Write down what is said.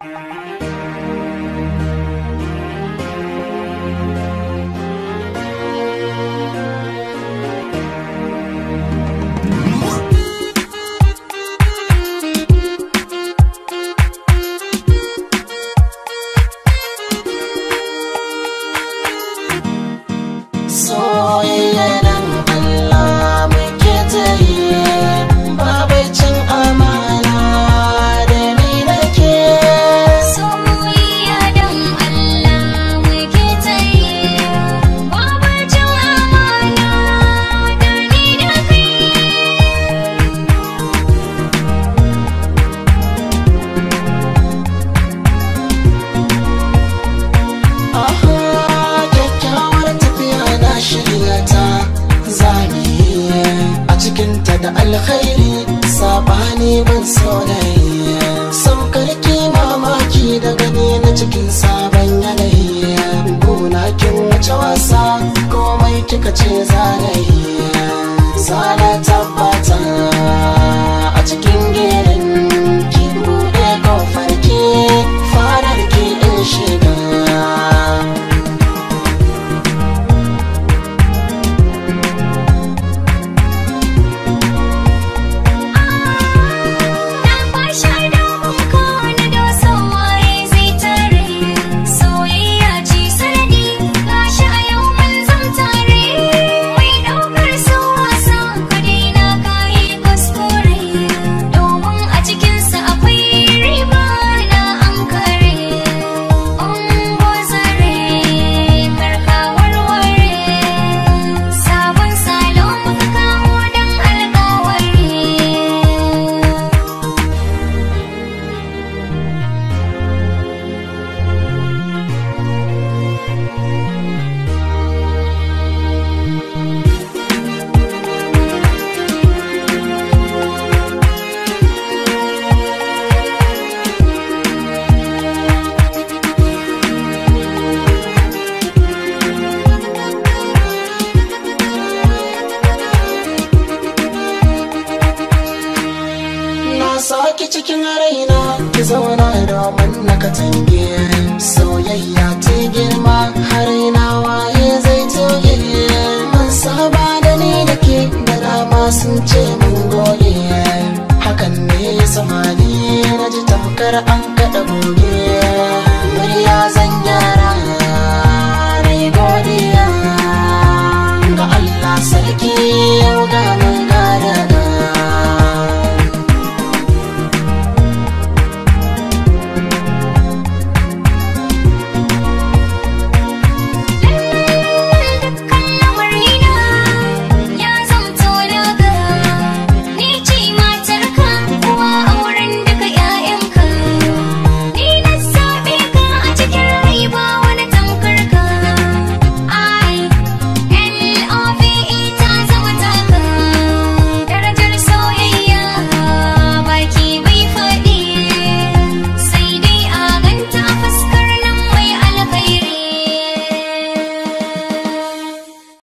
Thank you. da alkhairi sabani ban soyayya sam karki mamaki da gani na cikin sabon yanayi gona kin wuce wasa komai kika ce zanayi zana tabbata ki cikin raina ki zauna domin na katange soyayya ta girma har na waye